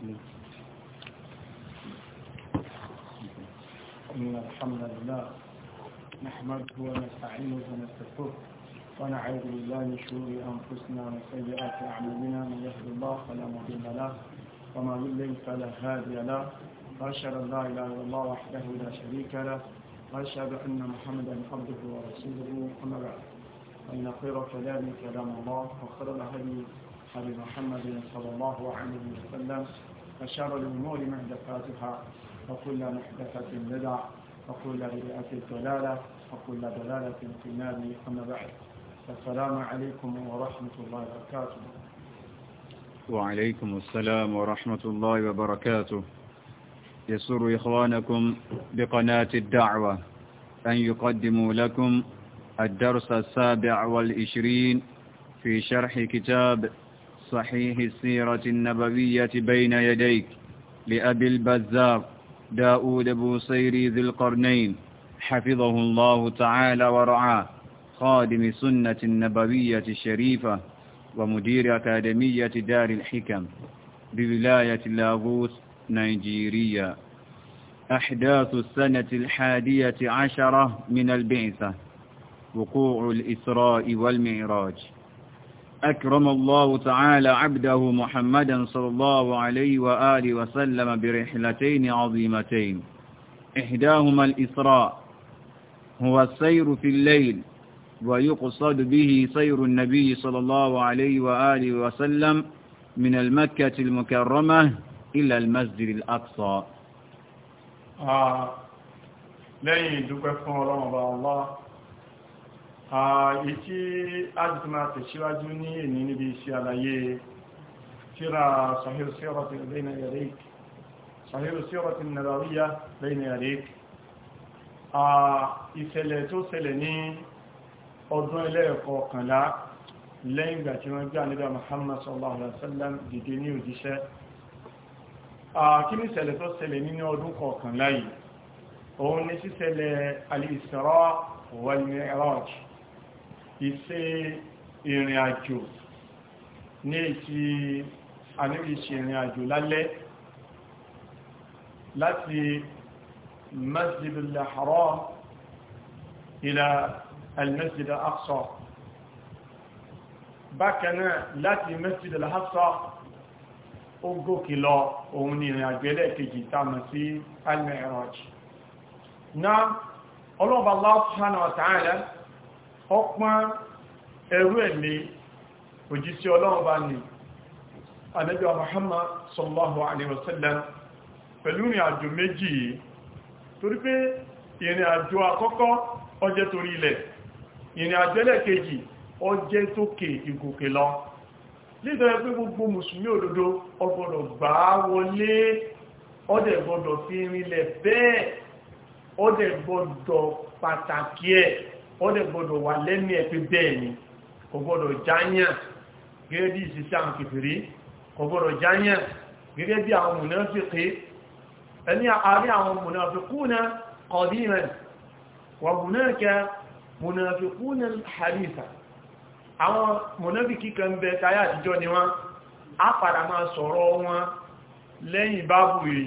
إن الحمد لله نحمده ونستعينه ونستغفره ونعوذ بالله من شرور أنفسنا ومن سيئات أعمالنا من يهد الله فلا مضل له وما يضلل فلا هادي له وأشهد أن لا إله إلا الله وحده لا شريك له وأشهد أن محمدا عبده ورسوله أما بعد فإن خير كلام كلام الله وخير الهدي هدي محمد صلى الله عليه وسلم وشر الأمور محدثاتها وكل محدثة بدعة وكل بدعة دلالة وكل دلالة في النار أما بعد السلام عليكم ورحمة الله وبركاته وعليكم السلام ورحمة الله وبركاته يسر إخوانكم بقناة الدعوة أن يقدموا لكم الدرس السابع والعشرين في شرح كتاب صحيح السيرة النبوية بين يديك لأبي البزار داود بوصيري ذي القرنين حفظه الله تعالى ورعاه خادم سنة النبوية الشريفة ومدير أكاديمية دار الحكم بولاية لاغوس نيجيريا أحداث السنة الحادية عشرة من البعثة وقوع الإسراء والمعراج أكرم الله تعالى عبده محمدا صلى الله عليه وآله وسلم برحلتين عظيمتين إحداهما الإسراء هو السير في الليل ويقصد به سير النبي صلى الله عليه وآله وسلم من المكة المكرمة إلى المسجد الأقصى آه. الله ìtí àjíkìmá tẹ̀síwájú ní èní níbi iṣẹ́ àlàyé tíra Sahih Sirati Nabawiyya bayna yadik ìṣẹ̀lẹ̀ tó ṣẹlẹ̀ ní ọdún ẹlẹ́ẹ̀kọ́ kànlá lẹ́yìn ìgbà tí wọ́n gbé àníbà Muhammad sallallahu alaihi wasallam dìde ní òjíṣẹ́ kí ní ìṣẹ̀lẹ̀ tó ṣẹlẹ̀ nínú ọdún kọ̀ọ̀kànlá yìí òun ni ṣíṣẹlẹ̀ al-Isra wal-Mi'raj ìṣe ìrìn àjò ní ìtí àníbìṣe ìrìn àjò lálẹ́ láti masjid al-haram ila al-masjid al-aqsa bákanáà láti masjid al-aqsa ó gòkè lọ òun ni ìrìn àjò ẹlẹ́ẹ̀kejì tàmà sí al-mi'raj náà ọlọ́bàá Allah subhanahu ọpọ́n ẹrú ẹ̀mí òjísí ọlọ́run bá ní ànábì Muhammad sallallahu alaihi wasallam pẹ̀lú ìrìn àjò méjì yìí torí pé ìrìn àjò àkọ́kọ́ ó torí ilẹ̀ ìrìn àjò lọ nítorí pé gbogbo mùsùlùmí òdodo ó gbọ́dọ̀ gbà wọlé fi rinlẹ̀ bẹ́ẹ̀ ó dẹ̀ gbọ́dọ̀ wà lẹ́mí ẹ̀ pé bẹ́ẹ̀ ni kò gbọ́dọ̀ jáyàn gẹ́gẹ́ bí ìsìsí àwọn kìfìrí kò gbọ́dọ̀ jáyàn gẹ́gẹ́ bí àwọn mùnáfíkì ẹni àárí àwọn mùnáfíkúnà qadiman wà hunaka mùnáfíkúnà haditha àwọn mùnáfíkì kan bẹ táyà àtijọ́ ni wọ́n á padà máa sọ̀rọ̀ wọn lẹ́yìn bábù yìí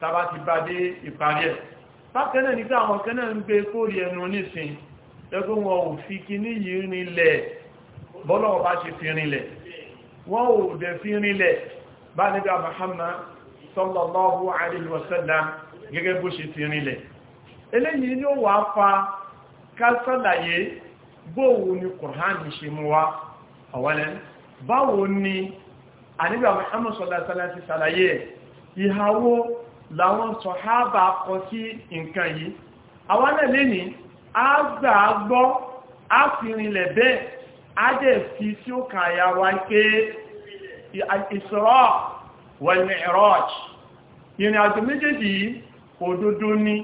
tàbá ìparí ẹ̀ bákanáà nígbà àwọn kanáà ń gbé kórìí ẹnu nísìn ẹgbẹ́ wọn ò fi kíní yìí rinlẹ̀ bọ́lọ́wọ́ bá ṣe fi rinlẹ̀ wọ́n ò dẹ̀ fi rinlẹ̀ bá nígbà Muhammad sallallahu alaihi wasallam gẹ́gẹ́ bó ṣe fi rinlẹ̀ eléyìí ni ó wà fa kásàlàyé bóòwò ni Kùránì ṣe mú wá àwọlẹ́ báwo ni àníbà Muhammad sallallahu a gbaa á gbọ́ fi fi pé Isra wal Mi'raj ìrìn àjò méjèèjì òdodo ni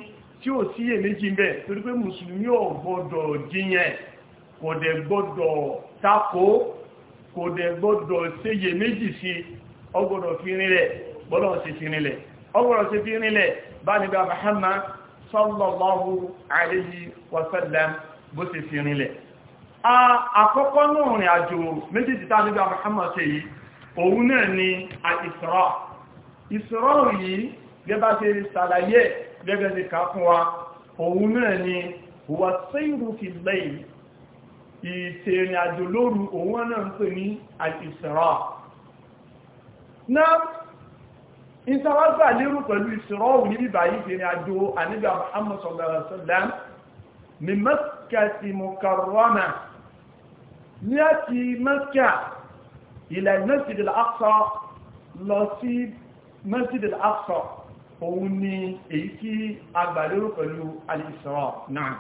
tí ò sí èméjì ń bẹ̀ torí pé mùsùlùmí ò gbọ́dọ̀ kò tako kò dẹ̀ gbọ́dọ̀ séye méjì sí ọgbọ́dọ̀ fi rinlẹ̀ gbọ́dọ̀ sí fi rinlẹ̀ ọgbọ́dọ̀ sí fi rinlẹ̀ bá sallallahu alayhi wa sallam bó ti fi rinlẹ̀ àkọ́kọ́ náà rìn àjò méjìdì tá nígbà Muhammad ṣe yìí òun náà ni al-Isra Isra yìí gẹ́bá ṣe ṣàlàyé gẹ́gẹ́ ti ká fún wa òun náà ni huwa sayru fil layl ìṣẹ̀rìn àjò ìsáwágbà lérò pẹ̀lú ìṣòrọ̀wù níbi báyìí fi ní àjò àníbà Muhammad sallallahu alaihi wasallam ní mẹ́kàtí mukarrama ní àti mẹ́kà ilẹ̀ Masjid al-Aqsa lọ sí Masjid al-Aqsa òun ni èyí tí àgbà lérò pẹ̀lú al-Isra náà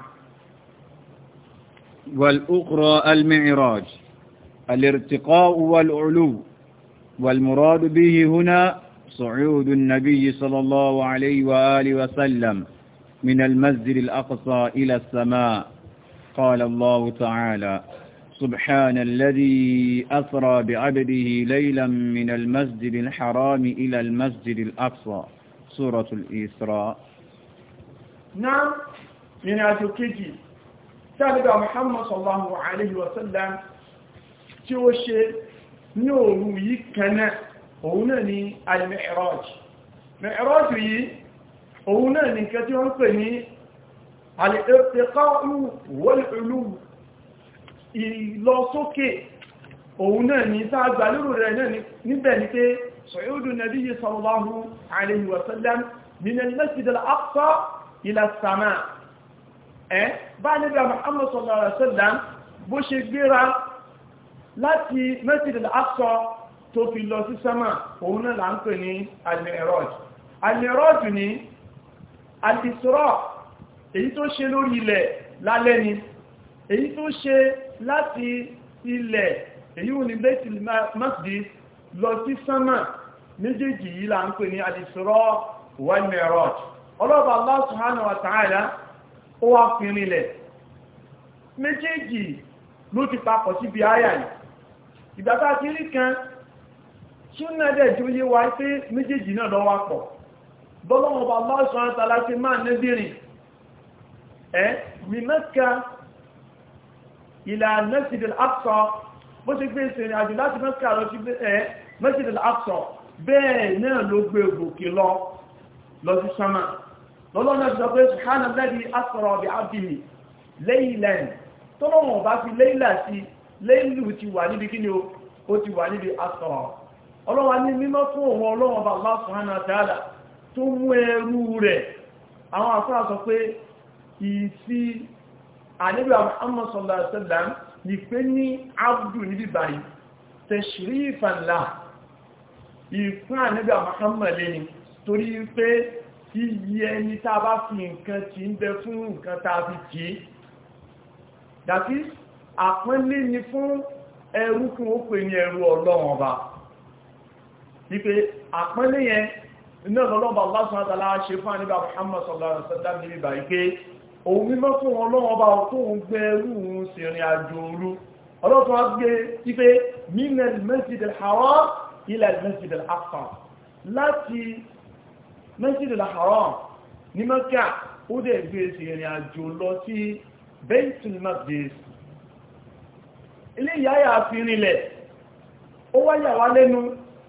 والأخرى المعراج الارتقاء والعلو والمراد به هنا صعود النبي صلى الله عليه وآله وسلم من المسجد الأقصى إلى السماء قال الله تعالى سبحان الذي أسرى بعبده ليلا من المسجد الحرام إلى المسجد الأقصى سورة الإسراء نعم من أتوكيتي آية سابقا محمد صلى الله عليه وسلم توشي ó يكنا òun náà ni al-mi'raj mi'raj yìí òun náà ni kẹtí wọ́n pè ní al-irtiqa'u wal ìlọsókè òun náà ni sáà gbàlérò rẹ̀ níbẹ̀ ni pé صعود النبي صلى الله عليه وسلم من المسجد الأقصى إلى السماء eh ba nabi Muhammad sallallahu alaihi wasallam bó ṣe gbéra láti Masjid al tó fi lọ sí sánmà òun náà là ń pè ní almiraj almiraj ní alisra èyí tó ṣe lórí ilẹ̀ lálẹ́ ni èyí tó ṣe láti ilẹ̀ èyí ò ní baitul masjid lọ sí sánmà méjèèjì yìí là ń pè ní alisra walmiraj ọlọ́ba Allah subhanahu wa ta'ala ó yìí ìgbàtà ti kan súnà dẹ̀ tí ó yé wa pé méjèèjì náà lọ́wọ́ pọ̀ bọ́lọ́wọ́ bá bá sọ àtàlá ti máa nẹ́bìnrin ẹ́ mímẹ́kà ìlà mẹ́sìdìl àpsọ bó ṣe gbé ìsìnrìn àjò láti mẹ́kà lọ sí mẹ́sìdìl àpsọ bẹ́ẹ̀ náà ló gbé ògùnkì lọ lọ sí sánmà lọ́lọ́nà ti sọ pé ṣùhánà lẹ́bí àpsọ̀rọ̀ ọ̀bẹ̀ àbìlì lẹ́yìnlẹ́yìn tọ́lọ́wọ̀n bá fi lẹ́yìnlẹ́ sí lẹ́yìnlú ọlọ́wà ní mímọ́ fún òun ọlọ́wọ́n bá Allah subhanahu wa ta'ala tó mú ẹrú rẹ̀ àwọn àfáà sọ pé ìsí àníbà Muhammad sallallahu alaihi wasallam ní pé ní abdù níbi báyìí tashrifan lah ìfún àníbà Muhammad lẹ́ni torí pé iye ẹni tá bá fi nǹkan tí ń bẹ fún nǹkan tá fi jí dàtí àpọ́nlé ni fún ẹrú kún ó pè ní ẹrú ọlọ́wọ́n bá wípé àpẹẹlẹ yẹn iná lọ́lọ́bà lásán àtàlá ṣe fún àníbà Muhammad sallallahu alaihi wasallam níbi ìké òun mímọ́ fún wọn lọ́wọ́ bá tóun gbé rúun sí ìrìn àjò òru ọlọ́tún á gbé wípé minel masjid al-haram ila masjid al-aqsa láti masjid al-haram ní Mẹ́kà ó dẹ̀ gbé ilé ìyáyà fi rinlẹ̀ ó wáyà lẹ́nu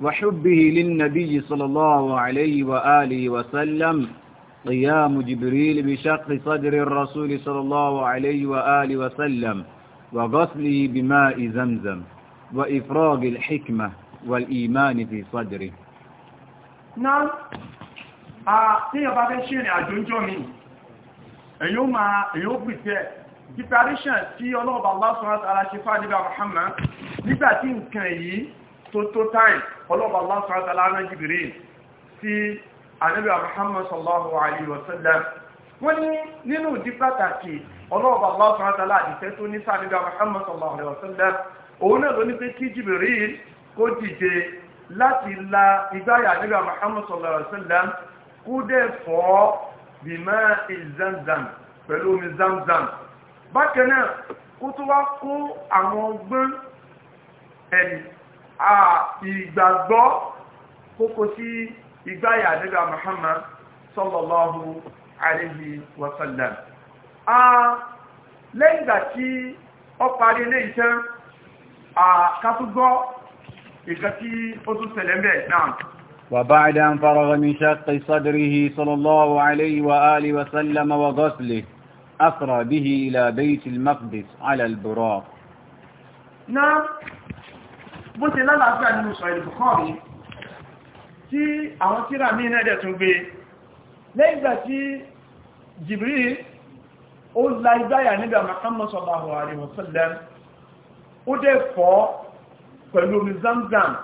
وحبه للنبي صلى الله عليه وآله وسلم قيام جبريل بشق صدر الرسول صلى الله عليه وآله وسلم وغسله بماء زمزم وإفراغ الحكمة والإيمان في صدره نعم tí ọba fẹ́ ṣe ìrìn اليوم ń jọ mi èyí ó máa èyí ó pìtẹ́ preparation tí ọlọ́ọ̀bà lásán ara ṣe tó tó táìm ọlọ́pàá Allah subhanahu wa ta'ala Jibril sí Ànábì Muhammad sallallahu alayhi wa sallam wọ́n ní nínú ìdí pàtàkì ọlọ́pàá Allah subhanahu wa ta'ala àdìsẹ́ tó ní sáà Ànábì Muhammad sallallahu alayhi wa sallam òun náà ló ní pé kí Jibril kó dìde láti la ìgbáyà Ànábì Muhammad sallallahu alayhi wa sallam kú dẹ̀ fọ́ bìmọ́ ìzamzam pẹ̀lú omi zamzam bákan náà kó tó wá kó àwọn ọgbọ́n ẹ̀yìn ìgbàgbọ́ kókó sí ìgbáyà nígbà Muhammad sallallahu alayhi wa sallam lẹ́yìn ìgbà tí ó parí ilé iṣẹ́ àkásúgbọ́ ìkà tí ó tún ṣẹlẹ̀ mẹ́ náà وبعد أن فرغ من شق صدره صلى الله عليه وآله وسلم وغسله أسرى به إلى بيت المقدس على البراق نعم bó ṣe lálàáfíà nínú sọ ìlú Bukhari tí àwọn tíra mí náà dẹ̀ tún gbé lẹ́gbà tí Jibril ó la igbáyà nígbà Muhammad sallallahu alaihi wasallam ó dẹ̀ fọ́ pẹ̀lú omi Zamzam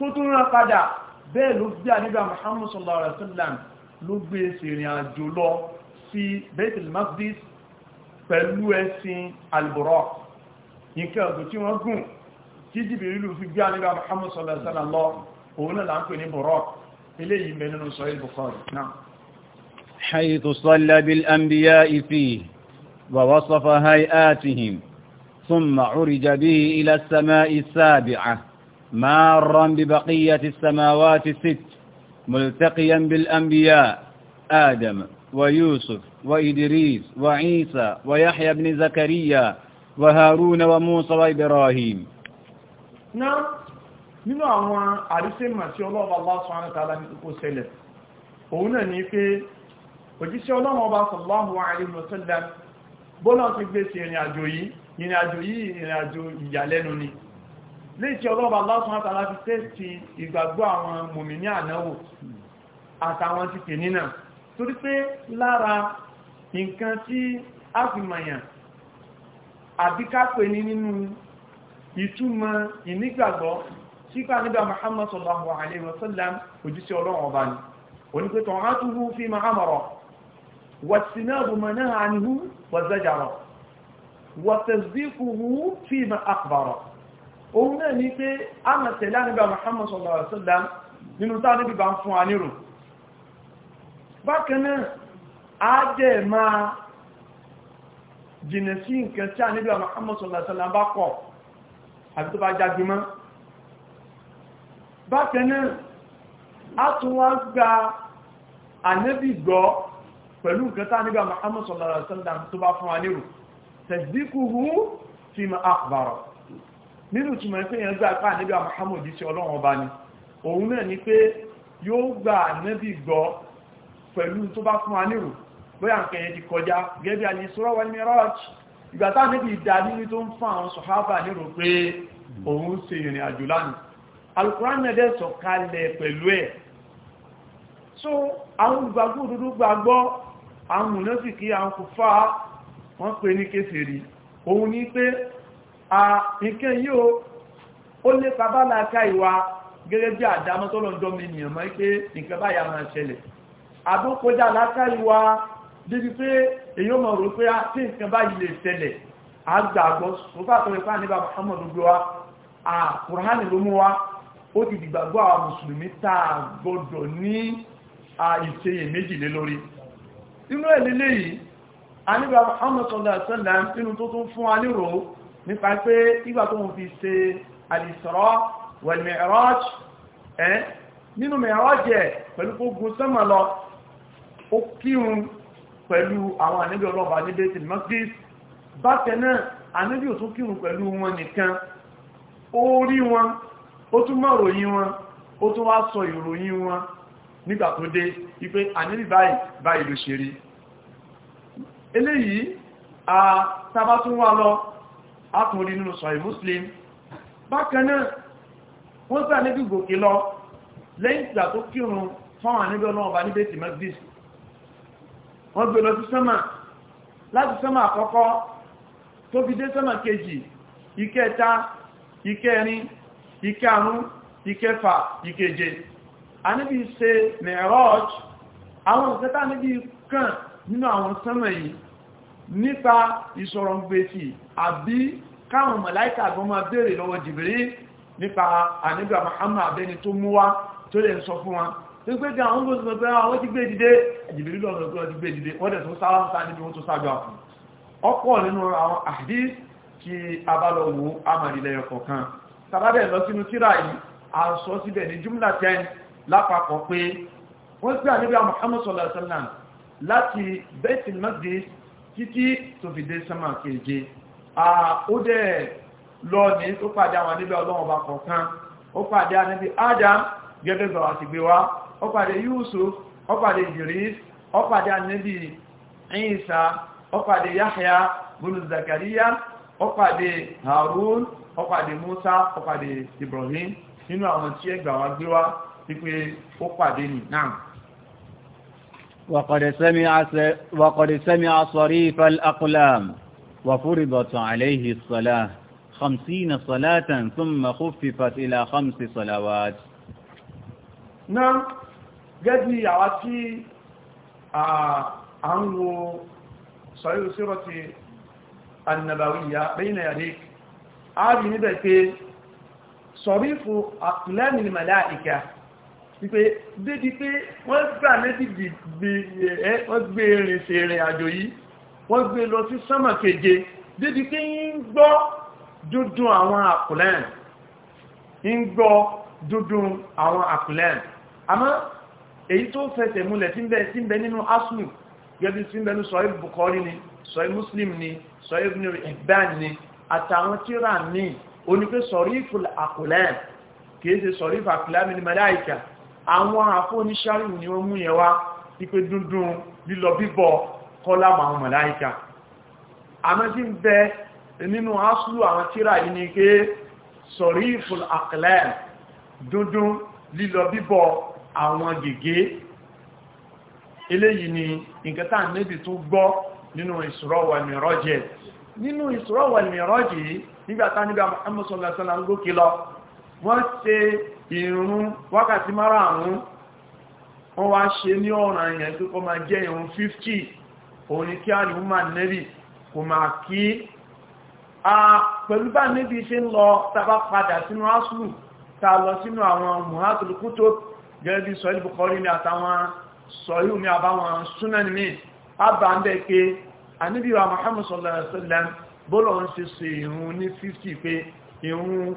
tó tún ràn padà bẹ́ẹ̀ ló bí àníbà Muhammad sallallahu alaihi ló gbé ìrìn àjò lọ sí Baitul Maqdis pẹ̀lú ẹṣin ìkẹ́ nǹkan tí wọ́n gùn tí jìbìrì Jibrilu fi gbá nígbà Muhammad sallallahu alaihi lọ òun náà là ń pè ní Buraq eléyìí ń bẹ nínú Sahih Bukhari náà حيث صلى بالأنبياء فيه ووصف هيئاتهم ثم عرج به إلى السماء ملتقيا بالأنبياء آدم ويوسف وإدريس وعيسى ويحيى بن زكريا وهارون وموسى وإبراهيم نعم nínú àwọn àrísẹ́mà tí ọlọ́ọ̀bá Allah subhanahu wa ta'ala ní kókó ṣẹlẹ̀ òun náà ní pé òjíṣẹ́ ọlọ́ọ̀bá sallallahu alaihi wa sallam bọ́lá ti gbé sí ìrìn àjò yìí ìrìn àjò yìí ìrìn àjò ìyàlẹ́nu ni léṣe ọlọ́ọ̀bà lásán àtàlá fi tẹ́sì ìgbàgbọ́ àwọn mùmìnì ànáwò àtàwọn ti tè nínà torí pé lára nǹkan tí a fi mọ̀yàn àbíkápẹ́ ní nínú ìtumọ̀ ìnígbàgbọ́ síkà nígbà Muhammad sallallahu alaihi wasallam òjíṣẹ́ ọlọ́run òun náà ní pé a mọ̀ tẹ̀lé àníbà Muhammad sallallahu alaihi wasallam nínú tá níbi bá ń fún wa nírò bákanáà a jẹ́ máa jìnà sí nǹkan tí àníbà Muhammad sallallahu alaihi wasallam bá kọ̀ àti tó bá jágbímọ́ bákanáà a tún wá gba ànẹ́bì gbọ́ pẹ̀lú nǹkan tá níbà Muhammad sallallahu alaihi wasallam tó bá fún wa nírò tasdiquhu fima akhbara nínú túnmọ̀ pé yẹn gbà pé ànábì Muhammad sí ọlọ́run ọba ni òun náà ni pé yóò gba ànábì gbọ́ pẹ̀lú tó bá fún anírò miraj ìgbà tá ànábì dá nínú tó ń fún àwọn sọ̀hábà nírò pé òun ṣe so àwọn olùgbàgbọ́ òdodo gbàgbọ́ àwọn mùnáfìkí àwọn kò fà nǹkan yìí ó lé pàbálàkà ìwà gẹ́gẹ́ bí àdámọ́ tó lọ́njọ́ mi nìyàn mọ́ pé nǹkan báyà máa ṣẹlẹ̀ àbúkọjá láká ìwà débi pé èyàn mọ̀ rò pé tí nǹkan báyìí lè ṣẹlẹ̀ àgbàgbọ́ sọ́fàtọ̀ ipá níbà Muhammad gbé wa àkùránì ló mú wa ó ti dìgbàgbọ́ àwọn mùsùlùmí tá a gbọ́dọ̀ ní ìṣeyè méjìlé lórí inú ẹ̀ lílé yìí aníbà Muhammad sọ̀dọ̀ àṣẹ́lẹ̀ nínú tó tún fún wa nírò nípa pé ìgbà tó ń fi ṣe al-Isra wal-Mi'raj ẹ́ nínú Mi'raj ẹ̀ pẹ̀lú gbogbo sánmà lọ ó kírun pẹ̀lú àwọn ànábì ọlọ́ba ní Baitul Maqdis bákan náà ànábì ò tún kírun pẹ̀lú wọn nìkan ó rí wọn ó tún mọ̀ ròyìn wọn ó tún wá sọ ìròyìn wọn nígbà tó dé ipé ànábì báyìí báyìí ló ṣe rí eléyìí a tàbá wá lọ átùnrí nínú sọ̀rọ̀ muslim bákanáà wọ́n sá níbi gòkè lọ lẹ́yìn ìgbà tó kírun fún àníbẹ̀ ọlọ́ọ̀bá ní bẹ́ẹ̀tì magdis wọ́n gbé lọ sí sánmà láti sánmà àkọ́kọ́ tó fi dé sánmà kejì ìkẹta ìkẹrin ìkarùn ìkẹfà ìkeje àníbi ṣe mẹ́rọ́ọ̀j àwọn òṣèta níbi kàn nínú àwọn sánmà yìí nípa ìṣọ̀rọ̀ gbèsì àbí káwọn mọ̀láíkà gan máa béèrè lọ́wọ́ jìbìrí nípa àníbà mahama abẹni tó mú wá tó lè sọ fún wọn tó gbé gan àwọn gbogbo pẹ̀lú àwọn ti gbé dìde jìbìrí lọ́gbọ̀n ti gbé dìde wọ́n dẹ̀ tó sáwá ń sá níbi wọ́n tó sájọ́ àfún ọ̀pọ̀ nínú àwọn àdís kí a bá lọ wo amàrìlẹ̀ ọkọ̀ kan tàbábẹ̀ lọ sínú tíra yìí a sọ síbẹ̀ ní jùmlá 10 lápapọ̀ pé wọ́n sí àníbà Muhammad sallallahu alaihi wasallam láti Baitul Maqdis títí tó fi dé sánmà keje ó dẹ̀ lọ ní ó pàdé àwọn níbẹ̀ ọlọ́run bá kọ̀ọ̀kan ó pàdé ànábì Adam gẹ́gẹ́ bọ̀ àti gbé wá ó pàdé Yusuf ó pàdé Idris ó pàdé ànábì Isa ó pàdé Yahya bùnú Zakaria. ó pàdé Harun ó pàdé Musa ó pàdé Ibrahim nínú àwọn tí ẹgbà wá gbé wá wípé ó pàdé nì náà وقد سمع وقد سمع صريف الأقلام وفرضت عليه الصلاة خمسين صلاة ثم خففت إلى خمس صلوات نعم قد يعطي عنه آه، صحيح سيرة النبوية بين يديك عادي نبكي صريف أقلام الملائكة pé débi pé wọ́n gbà méjì gbé ẹ́ wọ́n gbé rìn sí ìrìn àjò yìí wọ́n gbé lọ sí sánmà keje débi pé ń gbọ́ dúdún àwọn àkùlẹ́n ń gbọ́ dúdún àwọn àkùlẹ́n àmọ́ èyí tó fẹsẹ̀ múlẹ̀ tí ń bẹ nínú aslu gẹ́bí tí ń sọ́yí Bukhari ni sọ́yí Muslim ni sọ́yí Ibn Hibban ni àtàwọn tíra ní onípe sọ̀rí ìfòlà àkùlẹ́n kìí ṣe sọ̀rí ìfàkùlẹ́mì ní mẹ́láìkà àwọn àfóníṣàríwù ni wọ́n mú yẹn wá wípé dúndún lílọ bíbọ̀ kọ́lá àwọn màláíkà àmọ́ tí ń bẹ nínú asúlù àwọn tíra yìí ni pé sọ̀rí ìfún àkìlẹ̀ dúndún lílọ bíbọ̀ àwọn gègé eléyìí ni nǹkan tá níbi tó gbọ́ nínú Isra wal Miraj nínú Isra wal Miraj nígbàtá nígbà Muhammad ìrún wákàtí márààrún wọ́n wá ṣe ní ọ̀ràn yẹn tó kọ́ máa jẹ́ ìrún 50 òun ni kí a ní woman navy kò máa kí a pẹ̀lú bá níbi ṣe ń lọ tàbá padà sínú asùlù ta lọ sínú àwọn muhatuluku tó gẹ́gẹ́ bí sọ́yí Bukhari ní àtàwọn sọ́yí omi àbáwọn súnẹ́ni a bá ń bẹ́ a Muhammad sallallahu alaihi wasallam bọ́lọ̀ ń ṣe ṣe ìrún ní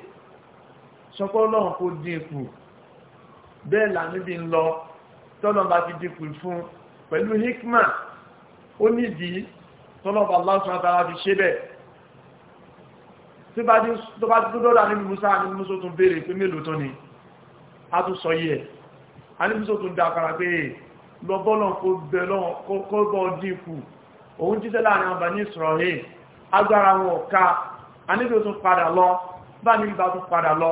sọpọ́ ọlọ́run kó dínkù bẹ́ẹ̀ là níbi ń lọ tọ́lọ́ fi dínkù fún pẹ̀lú hikma ó nídìí tọ́lọ́ bá lásán àtàrà fi ṣe bẹ́ẹ̀ tí bá tó dọ́dọ̀ níbi musa níbi musa tún béèrè pé mélòó tán ni a tún sọ yìí ẹ̀ a níbi musa tún dákara pé lọ bọ́lọ́n kó bẹ lọ́wọ́n kó bọ́ dínkù ní Ísírẹ́lì tún padà lọ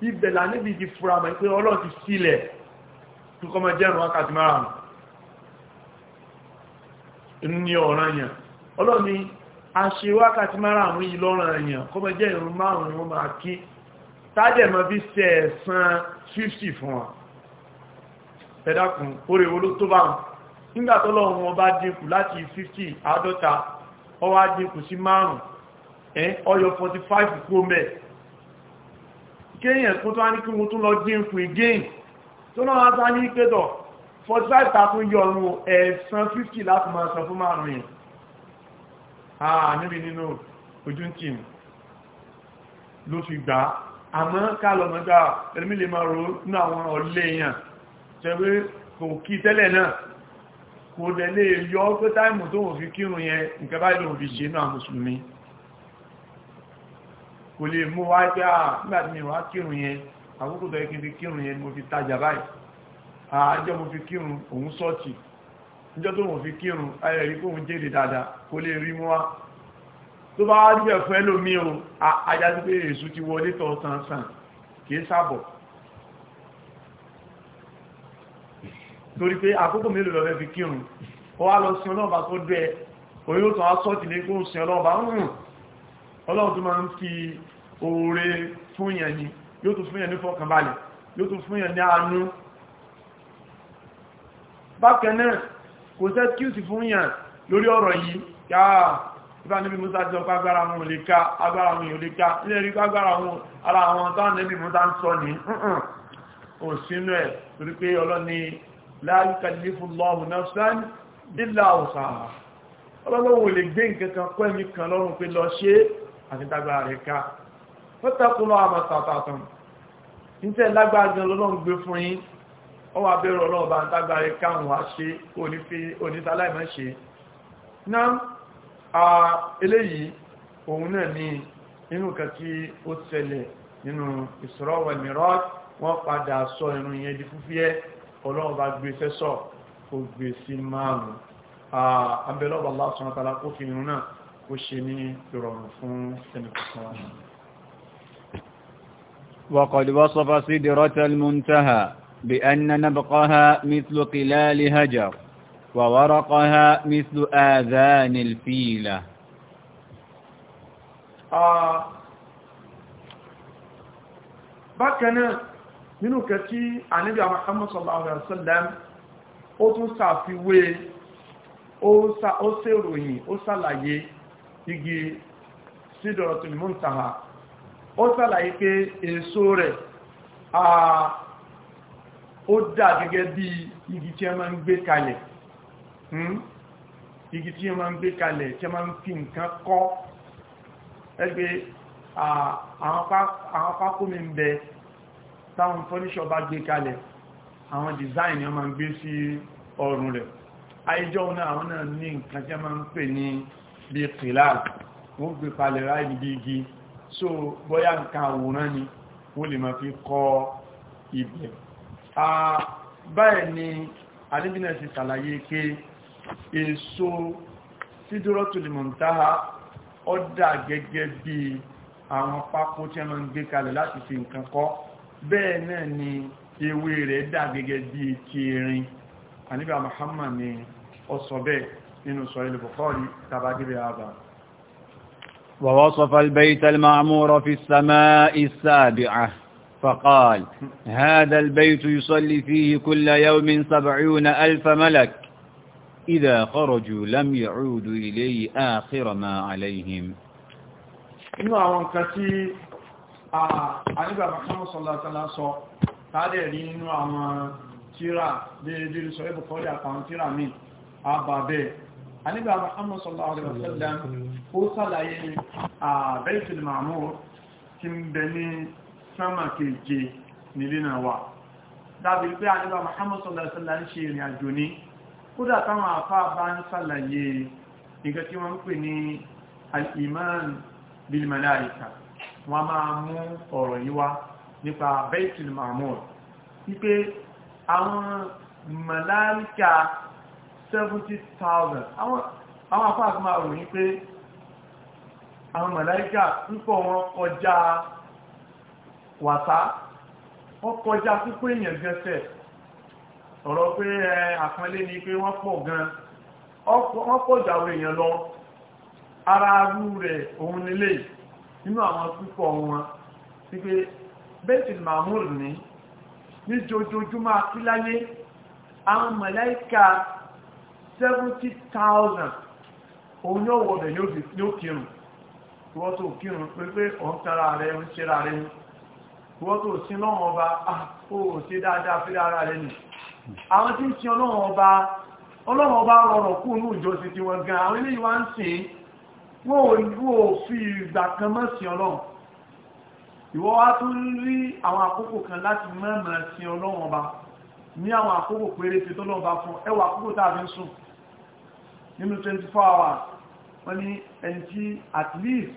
ibẹ̀ là níbi ti fura mọ̀ pé ọlọ́run ti sílẹ̀ tó kọ́ mọ́ jẹ́rùn wákàtí márùn inú ní ọ̀ràn yẹn ọlọ́run ni a ṣe mara márùn yìí lọ́ràn yẹn kọ́ jẹ́ ìrun márùn ni wọ́n máa kí tájẹ̀ mọ́ bí sẹ́ ẹ̀sán 50 fún wa ẹ̀dàkùn orí oló tó bá wọn nígbàtọ́lọ́run wọn bá dínkù láti 50 àádọ́ta ọwá dínkù sí márùn 45 kó mẹ́ẹ̀ kéèyàn kún tó wá ní kí wọ́n tún lọ jí ń fún igéyìn tó náà wá sáà ní pẹ́tọ̀ 45 takún yọ ọ̀run ẹ̀sán 50 láti máa sọ fún márùn yìí àà níbi nínú ojú ń tìmù ló fi gbà àmọ́ kálọ̀mọ́dá ẹ̀rẹ́mí lè máa náà wọ́n fi kírun kò lè mú wá pé àà ah, nígbà tí mi wá kírun yẹn àkókò tó yẹ kí n fi kírun yẹn mo fi tajà báyìí àjọ ah, mo fi kírun òun sọ́ọ̀tì níjọ́ tó wọ́n fi kírun ayẹ̀rí kóhun jèrè dáadáa kò lè rí mú wá o ajásí pé èṣù ti wọlé tọ̀ sàn sàn ọlọ́run tó máa ń fi oore fún yẹn ni yóò tún fún yẹn ní fọkànbalẹ̀ yóò tún fún yẹn ní àánú bákan náà kò sẹ́ kíùsì fún yẹn lórí ọ̀rọ̀ yìí yáà ìbá níbi Musa ti ọpá agbára wọn lè ká agbára wọn yóò lè ká ilé rí agbára wọn gbé nǹkan kan kọ́ kan lọ́rùn pé lọ ṣe àti dágbàá rẹ̀ ká ó tẹ́kùnlọ àmàtàtàtàn nítẹ́ lágbàájọ lọ́lọ́run gbé fún yín ó wà bẹ̀rẹ̀ ọlọ́ọ̀bá dágbàá rẹ̀ a wá ṣe onítàláìmọ́ ṣe náà eléyìí òun náà ni nínú kan tí ó ṣẹlẹ̀ nínú Isra wal Miraj wọ́n padà sọ irun yẹn di fi irun náà وقد وصف سدرة المنتهى بأن نبقها مثل قلال هجر وورقها مثل آذان الفيلة آه بكنا منو كتي عن نبي محمد صلى الله عليه وسلم أتو سافي وي أو سا أو سيروي أو سالايي igi Sidratul Muntaha ó sàlàyé pé èso rẹ̀ ó dà gẹ́gẹ́ bí igi tí a máa ń gbé kalẹ̀ hmm? igi tí a máa ń gbé kalẹ̀ tí a máa ń fi nǹkan kọ́ ẹgbẹ́ àwọn pákómi ń bẹ táwọn fọ́níṣọ́ bá gbé kalẹ̀ àwọn design ọmọ gbé sí ọrùn rẹ̀ àìjọ́ náà àwọn náà ní nǹkan tí a máa ń pè ní bí kìláàlì wọ́n gbé palẹ̀ ráì níbi igi so bóyá nǹkan àwòrán ni wọ́n lè máa fi kọ́ ibẹ̀ báyẹ̀ ni alébìnà ti sàlàyé pé èso sídúrọ́tù lè mọ̀ntáha ọ́dà gẹ́gẹ́ bí àwọn pákó tí wọ́n gbé kalẹ̀ láti fi nǹkan kọ́ bẹ́ẹ̀ náà ni ewé rẹ̀ dà gẹ́gẹ́ bí kí àníbà Muhammad ni ó sọ bẹ́ẹ̀ nínú Sahih Bukhari tàbágírí àbà ووصف البيت المعمور في السماء السابعة فقال هذا البيت يصلي فيه كل يوم سبعون ألف ملك إذا خرجوا لم يعودوا إليه آخر ما عليهم inú àwọn nǹkan tí àríbàbà kan sọ́lọ́tọ́lá sọ tàbí rí nínú àwọn tíra bí i jírí sọ ibùkọ́lẹ̀ àpàwọn tíra mi àbàbẹ̀ àníbà Muhammad sallallahu alaihi wasallam ó sàlàyé Baitul Ma'mur tí ń bẹ ní sánmà keje nílé náà wà dábí pé àníbà Muhammad sallallahu alaihi wasallam ń ṣe ìrìn àjò ní kódà táwọn àfá bá ń sàlàyé nǹkan tí wọ́n ń pè 70,000 àwọn afáàkì máa ròyìn pé àwọn màláíkà ń pọ̀ wọn kọjá wàtá wọ́n kọjá púpọ̀ èèyàn gẹ́sẹ̀ ọ̀rọ̀ pé àpọ́nlé ni pé wọ́n pọ̀ gan wọ́n pọ̀ jàwó èèyàn lọ ara arú rẹ̀ òun nílé nínú àwọn púpọ̀ wọn sí pé bẹ́ẹ̀tìl mahmoud ní ní jojoojúmọ́ akíláyé àwọn màláíkà seventy thousand òun yóò wọ bẹ̀ yóò kírun wọ́n tó kírun pépé ọ̀n tara rẹ̀ ń ṣe ra rẹ̀ mú wọ́n tó sí lọ́wọ́ ọba ó ṣe dáadáa fi ara rẹ̀ nì àwọn tí ń sin ọlọ́wọ́ ọba ọlọ́wọ́ ọba rọrọ̀ kú inú ìjọsìn tí wọ́n gan àwọn eléyìí wá ń sìn wọ́n ò fi ìgbà kan mọ́ sin ọlọ́wọ́ ìwọ́ wá tún rí àwọn àkókò kan láti mọ́ mọ́ sin ọlọ́wọ́ ọba ní àwọn àkókò péréte tó lọ́wọ́ fún ẹwà àkókò tá a fi ń sùn nínú 24 hours wọ́n ní ẹni tí at least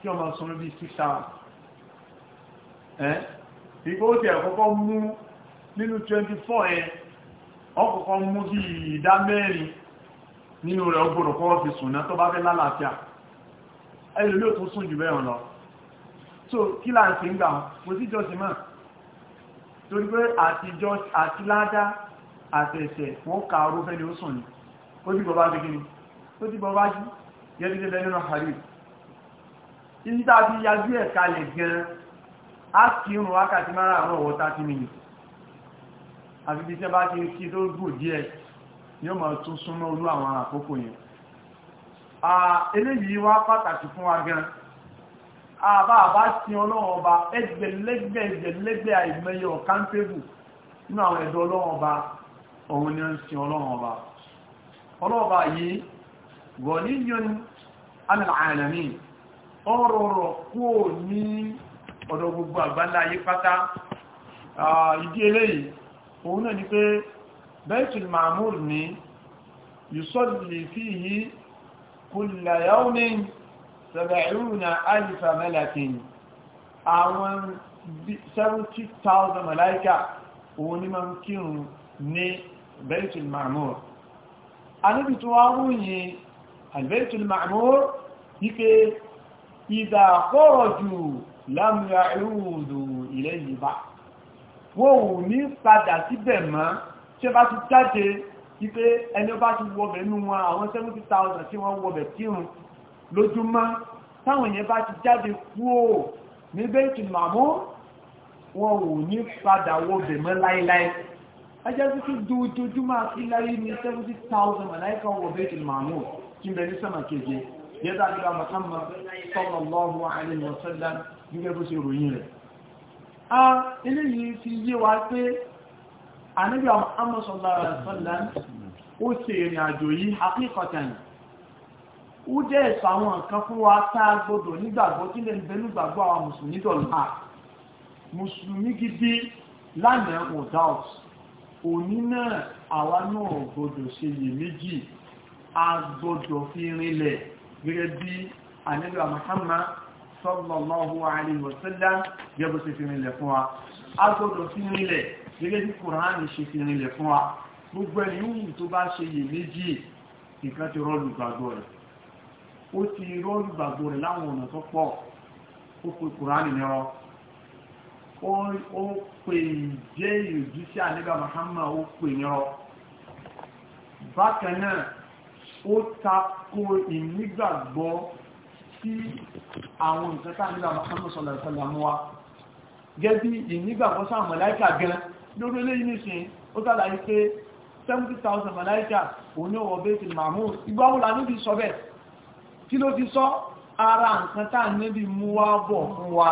kí ọmọ sọmọ bí 6 hours ẹ́ ìgbó tí ẹ̀kọ́kọ́ mú nínú 24 ẹ ọkọ̀kọ́ mú bí ìdá mẹ́rin nínú rẹ̀ ọgbọ̀rọ̀ kọ́ fi sùn náà tó bá fẹ́ lálàáfíà ẹlò ló tún sùn jù bẹ́ẹ̀ lọ so kí là ń fi ń gbà kò sí jọ́sí mọ́ torí pé àti ládá àtẹ̀ẹ̀sẹ̀ wọ́n ka arúfẹ́ ni ó sùn ni ó dìbò bá gbígbí ó dìbò bá jí yẹ́dìdé lẹ́nu àrí ìdá bí yájú ẹ̀ka lè gan á kí ń wákàtí mara àwọn ọ̀wọ́ tàbí mi àti bí tẹ́ bá ti kí tó gbò díẹ̀ yóò mọ̀ tún súnmọ́ olú àwọn àkókò yẹn eléyìí wá pàtàkì fún wa gan àbá àbá sí ọlọ́run ọba ẹgbẹ̀lẹ́gbẹ̀ ẹgbẹ̀lẹ́gbẹ̀ àìmẹ́yẹ ọ̀kántébù nínú àwọn ẹ̀dọ́ ọlọ́run ọba òun ni ó ń sin ọlọ́run ọba ọlọ́ọ̀bá yìí gọ̀níyàn alààrẹ̀mí ọrọ̀rọ̀ kó ní ọ̀dọ̀ gbogbo àgbálá ayé pátá ìdí eléyìí òun náà ni pé baitul ma'mur ní yusalli fihi kulla yawmin sab'una alfa malakin àwọn 70,000 malaika òun ni ma ń kírun ní baitul ma'mur anábì tó wá wúyìn albaitul ma'mur wípé ìdà kọ́rọ̀jù lámúra ìrúdù ilẹ̀ ìyìnbá wọ́n ò ní padà síbẹ̀ mọ́ tí bá ti jáde wípé ẹni bá ti wọbẹ̀ nú wọn àwọn 70,000 tí wọ́n wọbẹ̀ kírun lójúmọ́ táwọn èèyàn bá ti jáde kúò ní baitul ma'mur wọn ní padà wọbẹ̀ mọ́ láíláí ajá sí kí dojojúmọ́ akíláyé ní 70,000 màláíkà wọ bẹ́ẹ̀tì màmú kí n bẹ̀rẹ̀ sọ́mà keje yẹ́dá àdúrà Muhammad sallallahu alaihi wasallam gẹ́gẹ́ bó ṣe ròyìn rẹ̀ a ilé yìí fi yé wa pé anábíà Muhammad sallallahu alaihi wasallam ó ṣe ìrìn àjò yìí hakíkọtàn ó dẹ́ ẹ̀sọ àwọn nǹkan fún wa tá a gbọdọ̀ nígbàgbọ́ tí lè ń gbàgbọ́ àwọn mùsùlùmí dọ̀lá mùsùlùmí gidi lánàá without òní náà àwa náà gbọdọ̀ ṣe yè méjì a gbọdọ̀ fi rinlẹ̀ gẹ́gẹ́ bí Ànábì Muhammad sallallahu alaihi wa sallam gẹ́gbọ́ ṣe fi rinlẹ̀ fún wa a gbọdọ̀ fi rinlẹ̀ gẹ́gẹ́ bí Kùránì ṣe fi rinlẹ̀ fún wa gbogbo ẹni yóò ó pè jẹ́ ìrìjíṣẹ́ àníbà Muhammad ó pè yọrọ bákan náà ó takò ìnígbàgbọ́ sí àwọn nǹkan tá àníbà Muhammad sọ̀lọ̀ ìsọ̀lọ̀ mú wa gẹ́bí ìnígbàgbọ́ sáà mọ̀láíkà gan lórí eléyìí nìsín ó tàbí pé 70,000 mọ̀láíkà òní ọwọ̀ bẹ́ẹ̀tì màmú ìgbàmúlà níbi sọ bẹ́ẹ̀ kí ló fi sọ ara nǹkan tá níbi mú wá bọ̀ fún wa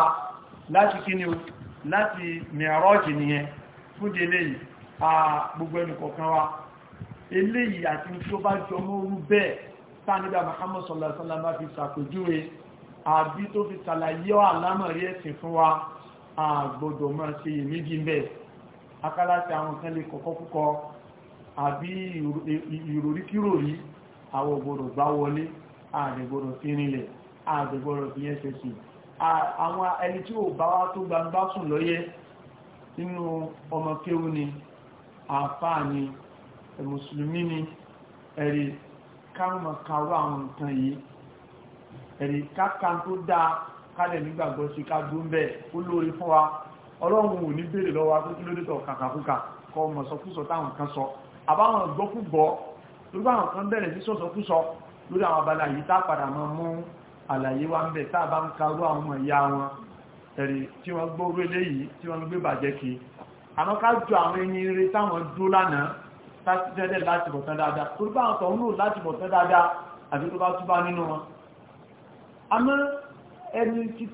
láti kí ni o láti mẹ́rọ́jì nìyẹn fún délé yìí a gbogbo ẹnìkọ̀ọ̀kan wa eléyìí àti tó bá jọ mọ́rú bẹ́ẹ̀ sáàníbà Muhammad sallallahu alaihi wasallam fi ṣàpèjúwe àbí tó fi ṣàlàyé àlámọ̀rí ẹ̀sìn a gbọ́dọ̀ máa ṣe ìmíjì bẹ́ẹ̀ akálàtì àwọn kan lè kọ̀kọ́ púpọ̀ àbí ìròríkíròrí àwọn gbọ́dọ̀ gbá wọlé àdẹ̀gbọ́dọ̀ fi rinlẹ̀ àwọn ẹni tí ò bá wá tó gbangba sùn lọ́yẹ́ nínú ọmọ kéwú ni àfáà ni mùsùlùmí ni ẹ̀rí káàmà kàrọ àwọn nǹkan yìí ẹ̀rí káàkà tó dáa kálẹ̀ nígbàgbọ́ sí ká dún bẹ́ẹ̀ ó lórí fún wa ọlọ́run ò ní béèrè lọ́wọ́ tó kí ló dé tọ̀ kàkàkùkà kọ àlàyé wa ń bẹ̀ tá a bá ń karú àwọn ọmọ ìyá wọn ẹ̀rì tí wọ́n gbóró eléyìí tí wọ́n gbé bàjẹ́ kí àmọ́ ká jọ àwọn ẹni eré táwọn dúró lánàá láti tẹ́lẹ̀ láti bọ̀tán dáadáa tó bá àwọn tọ̀hún lò láti bọ̀tán dáadáa àti tó bá túbá nínú wọn àmọ́ ẹni ti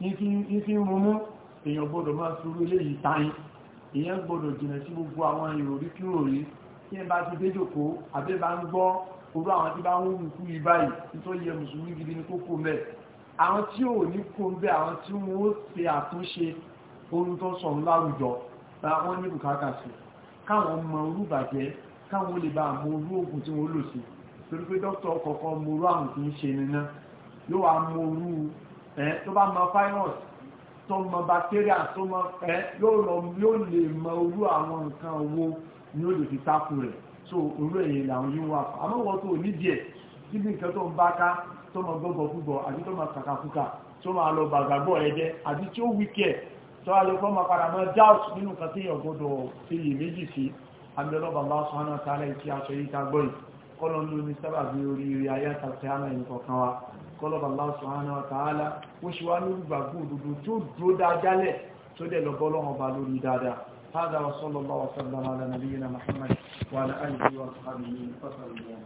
ní fi ń rumú èèyàn gbọ́dọ̀ máa sùúrù ilé yìí táyín èèyàn gbọ́dọ̀ jìnà sí gbogbo àwọn ìròrí kí ròrí tí ẹ bá ti déjòkó àbẹ́ bá ń gbọ́ orú àwọn tí bá ń wù kú ibáyìí nítorí yẹ mùsùlùmí gidi ní kókó mẹ́ àwọn tí ò ní kó ń bẹ́ àwọn tí wọ́n ó ṣe àtúnṣe ohun tó sọ láwùjọ bá wọ́n ní bùkátà sí káwọn mọ orú bàjẹ́ káwọn lè bá mọ orú òògùn tí wọ́n lò sí torí pé dókítà kọ̀ọ̀kan mọ orú àwọn tí ń ṣe nínú yóò wá mọ orú tó bá mọ virus tó mọ bacteria tó mọ yóò lè mọ orú àwọn nǹkan owó ni ó lè fi tako rẹ̀ so orú ẹ̀yìn làwọn yóò wà fún àmọ́ wọ́n tó ní díẹ̀ síbi nǹkan tó ń bá ká tó mọ gbọ́gbọ́ fúgbọ́ àti tó mọ kàkàkùkà tó máa lọ bàgbàgbọ́ ẹ̀jẹ̀ àti tí ó wíkẹ̀ tó a lè fọ́ ma padà mọ́ doubt nínú kan tí ọgbọ́dọ̀ fi yè méjì sí àmìlọ́bà sọ́nà tààlẹ̀ tí a sọ yíká gbọ́yìn kọ́lọ́nù ní sábàbí orí ayáta tẹ́ àmà ìkọ̀kan wa kọlọ̀bà Allah subhanahu wa ta'ala ó ṣe wá lórí gbàgbó òdòdó tó dúró dájálẹ̀ tó dẹ̀ lọ bọ́lọ́wọ́ bá lórí dáadáa هذا وصلى الله وسلم محمد وعلى آله وصحبه وسلم